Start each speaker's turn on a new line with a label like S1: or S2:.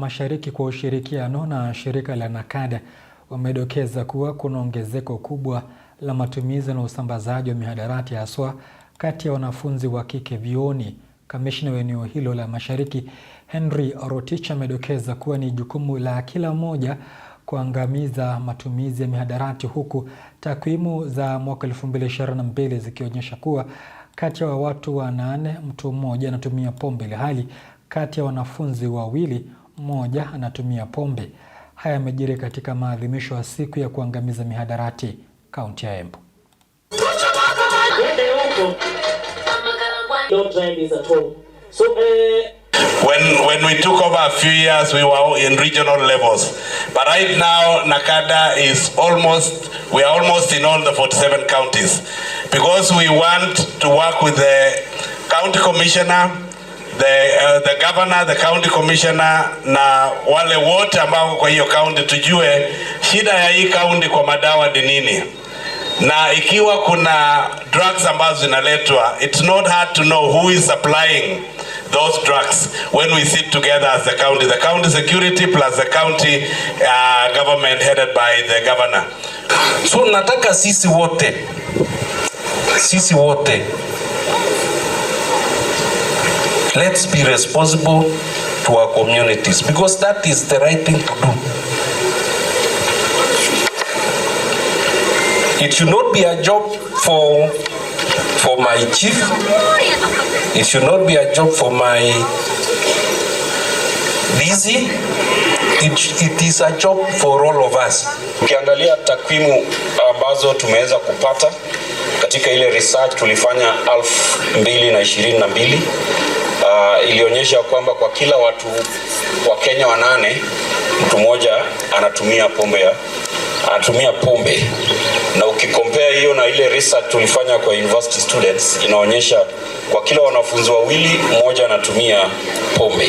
S1: Mashariki kwa ushirikiano na shirika la NACADA wamedokeza kuwa kuna ongezeko kubwa la matumizi na usambazaji wa mihadarati haswa kati ya wanafunzi wa kike vyuoni. Kamishna wa eneo hilo la Mashariki, Henry Rotich, amedokeza kuwa ni jukumu la kila mmoja kuangamiza matumizi ya mihadarati, huku takwimu za mwaka 2022 zikionyesha kuwa kati ya watu wanane mtu mmoja anatumia pombe, ilhali kati ya wanafunzi wawili mmoja anatumia pombe. Haya yamejiri katika maadhimisho ya siku ya kuangamiza mihadarati kaunti ya Embu.
S2: When, when we took over a few years, we were in regional levels. But right now, NACADA is almost, we are almost in all the 47 counties. Because we want to work with the county commissioner, the, uh, the governor, the county commissioner na wale wote ambao kwa hiyo county tujue shida ya hii county kwa madawa ni nini, na ikiwa kuna drugs ambazo zinaletwa, it's not hard to know who is supplying those drugs when we sit together as the county the county security plus the county uh, government headed by the governor. So nataka sisi wote sisi wote Let's be responsible to our communities because that is the right thing to do. It should not be a job for for my chief. It should not be a job for my busy. It, it is a job for all of us. Ukiangalia takwimu ambazo tumeweza kupata katika ile research tulifanya mbili na na ishirini mbili uh, ilionyesha kwamba kwa kila watu wa Kenya wanane mtu mmoja anatumia pombe ya anatumia pombe, na ukikompea hiyo na ile research tulifanya kwa university students, inaonyesha kwa kila wanafunzi wawili mmoja anatumia pombe.